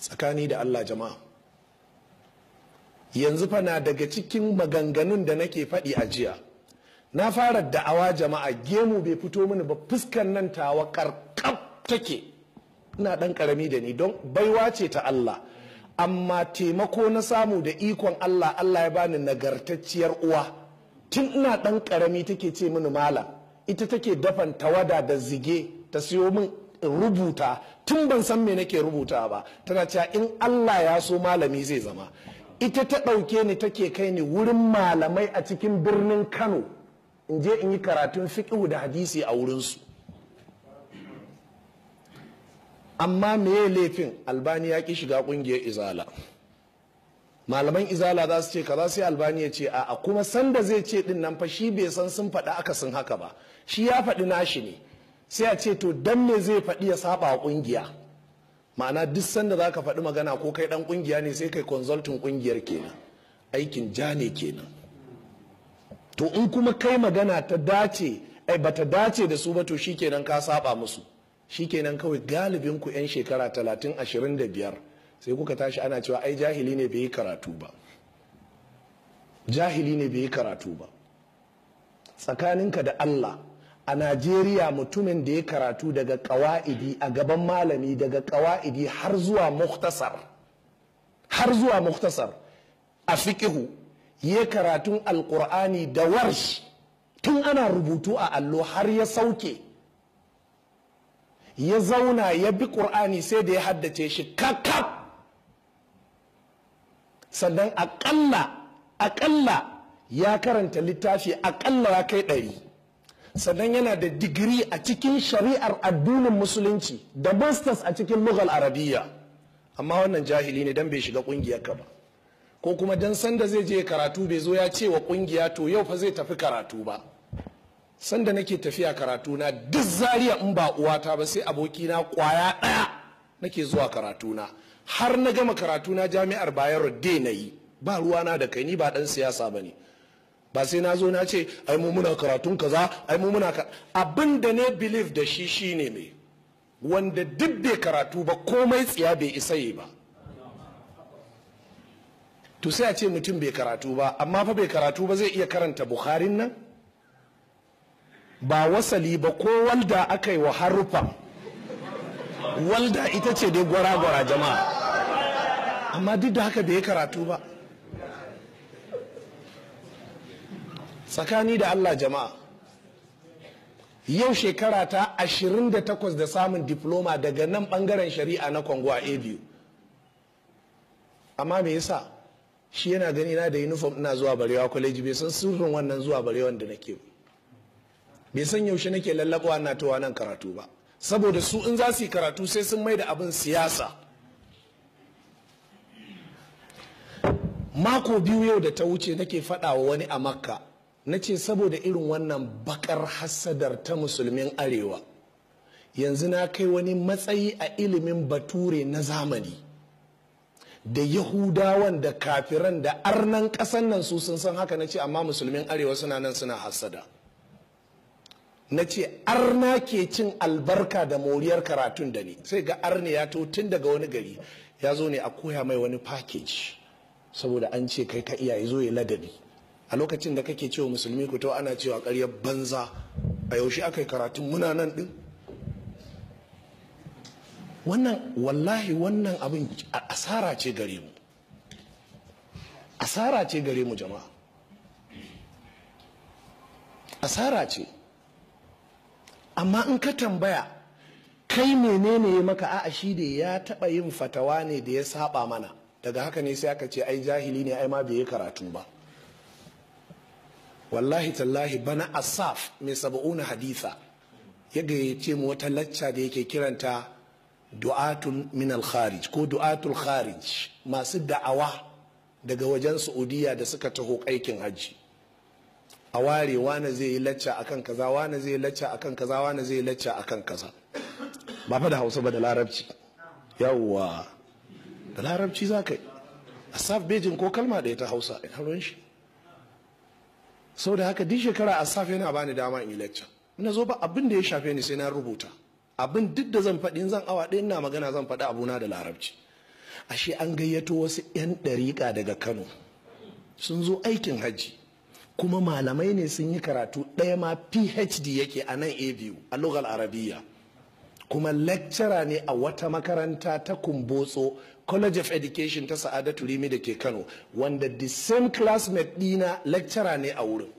tsakani da Allah jama'a yanzu fa na daga cikin maganganun da nake faɗi a jiya na fara da'awa jama'a gemu bai fito mini ba fuskan nan tawa karkab take ina ɗan ƙarami da ni don baiwa ce ta Allah amma taimako na samu da ikon Allah Allah ya bani nagartacciyar uwa tun ina ɗan ƙarami take ce mini malam ita take dafan tawada da zige ta siyo min In rubuta tun ban san me nake rubuta ba tana cewa in Allah ya so malami zai zama ita ta ɗauke ni take kai ni wurin malamai a cikin birnin Kano in je in yi karatun fiqhu da hadisi a wurin su. amma meye laifin albani ya ki shiga ƙungiyar izala malaman izala za su ce kaza sai albani ya ce a'a kuma sanda zai ce din nan fa shi bai san sun faɗi aka sun haka ba shi ya faɗi nashi ne sai a ce to dan me zai faɗi ya saba wa ƙungiya ma'ana duk sanda za ka faɗi magana ko kai ɗan ƙungiya ne sai kai consulting ƙungiyar kenan aikin ja ne kenan to in kuma kai magana ta dace ai ta dace da su ba to shi shikenan ka saba musu shi shikenan kawai galibin ku 'yan shekara talatin ashirin da biyar sai kuka tashi ana cewa ai jahili ne bai yi karatu ba jahili ne bai yi karatu ba tsakaninka da Allah a najeriya mutumin da ya karatu daga kawa'idi a gaban malami daga kawa'idi har zuwa muktasar har zuwa muktasar a fikihu ya karatun Alƙur'ani da warsh tun ana rubutu a allo har ya sauke ya zauna ya bi ƙur'ani sai da ya haddace shi kakaf sannan aƙalla aƙalla ya karanta littafi aƙalla ya kai ɗari sannan yana da digiri a cikin shari'ar addinin musulunci da masters a cikin lugal arabiya amma wannan jahili ne dan bai shiga kungiyar ka ba ko kuma dan sanda zai je karatu bai zo ya ce wa kungiya to yau fa zai tafi karatu ba sanda nake tafiya karatu na duk zariya in ba uwata ba sai abokina kwaya ɗaya nake zuwa karatu na har na gama karatu na jami'ar bayero dai na yi ba ruwana da kai ni ba dan siyasa ba ba sai na zo na ce ai mu muna karatun kaza ai mu muna ka abin da ne believe da shi shine me wanda duk bai karatu ba komai tsiya bai isa yi ba to sai a ce mutum bai karatu ba amma fa bai karatu ba zai iya karanta bukharin nan ba wasali ba ko walda aka wa harufan walda ita ce dai gwara-gwara jama'a amma duk da haka bai karatu ba tsakani da allah jama'a yau shekara ta 28 da samun diploma daga nan bangaren shari'a na kongo a biyu amma me yasa shi yana gani na da uniform ina zuwa barewa kwaleji bai san sirrin wannan zuwa barewan da nake bai san yaushe nake lallabawa na towa nan karatu ba saboda su in za su yi karatu sai sun mai da abin siyasa mako biyu yau da ta wuce nake faɗawa wa wani a makka na ce saboda irin wannan bakar hassadar ta musulmin arewa yanzu na kai wani matsayi a ilimin bature na zamani da yahudawan da kafiran da arnan ƙasan nan su sun san haka na ce amma musulmin arewa suna nan suna hassada na ce arna ke cin albarka da moriyar karatun da ni sai ga arne ya to tun daga wani gari ya zo ne a koya mai wani package saboda an ce kai ka iya zo ya ladabi a lokacin da kake cewa musulmi ku to ana cewa ƙaryar banza a yaushe aka yi karatun muna nan din wannan wallahi wannan abin asara ce gare mu asara ce gare mu jama'a asara ce amma in ka tambaya kai menene ya maka a'a shi da ya taɓa yin fatawa ne da ya saba mana daga haka ne sai aka ce ai jahili ne ai ma bai yi karatu ba wallahi tallahi bana asaf mai saba'una haditha ya gayyace mu wata lacca da yake kiranta du'atun min al-kharij ko du'atul kharij masu da'awa daga wajen saudiya da suka taho aikin haji. a ware wane zai yi lacca akan kaza wane zai yi lacca akan kaza wane zai yi lacca akan kaza ba fa da hausa ba da larabci yawwa da larabci za ka yi asaf bejin ko kalma ɗaya ta hausa in shi sau da haka duk shekara a safe na bani dama in yi lecture na zo ba abin da ya shafe ni sai na rubuta abin duk da zan faɗi zan awa ɗaya ina magana zan faɗi abuna da larabci ashe an gayyato wasu 'yan ɗariƙa daga kano sun zo aikin hajji kuma malamai ne sun yi karatu ɗaya ma phd yake a nan abu a lugal arabiya kuma lecturer ne a wata makaranta ta kumbotso college of education ta sa'adatu rimi da ke kano wanda the same classmate dina lecturer ne a wurin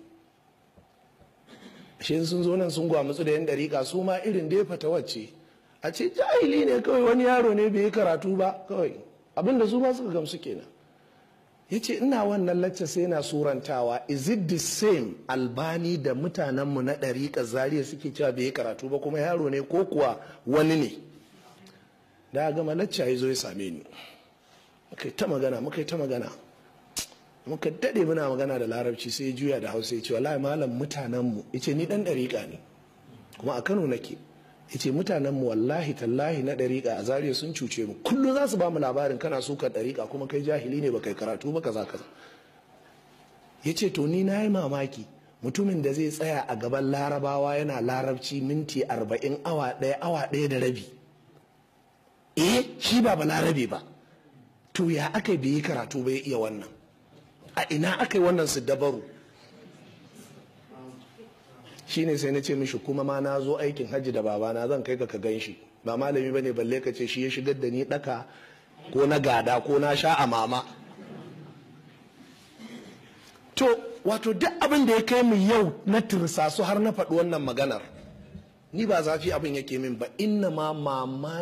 shi sun zo nan sun matsu da yan dariƙa su ma irin da ya fata wacce a ce jahili ne kawai wani yaro ne bai yi karatu ba kawai abinda su ma suka gamsu kenan ya ce ina wannan lacca sai na surantawa is it the same albani da mutanenmu na ɗariƙa zariya suke cewa bai yi karatu ba kuma yaro ne ko kuwa wani ne da gama lacca ya zo ya same ni muka yi ta magana muka yi ta magana muka daɗe muna magana da larabci sai juya da hausa ya ce wallahi malam mutanenmu ya ce ni ɗan ɗariƙa ne kuma a kano nake yace mutanen mu wallahi tallahi na dariƙa a zariya sun cuce mu kullum za su ba mu labarin kana suka dariƙa kuma kai jahili ne baka yi karatu ba kaza kaza yace to ni na yi mamaki mutumin da zai tsaya a gaban larabawa yana larabci minti arba'in awa ɗaya awa ɗaya da rabi eh shi ba ba larabe ba to ya aka bai yi karatu ya iya wannan a ina aka yi wannan su dabaru shine sai na ce mishi kuma ma na zo aikin hajji da babana zan kai ka ka gan shi ba malami ba ne balle ka ce shi ya shigar da ni ɗaka ko na gada ko na sha a mama to wato duk abin da ya kai mu yau na tirsasu har na faɗi wannan maganar ni ba zafi abin yake min ba inna ma mama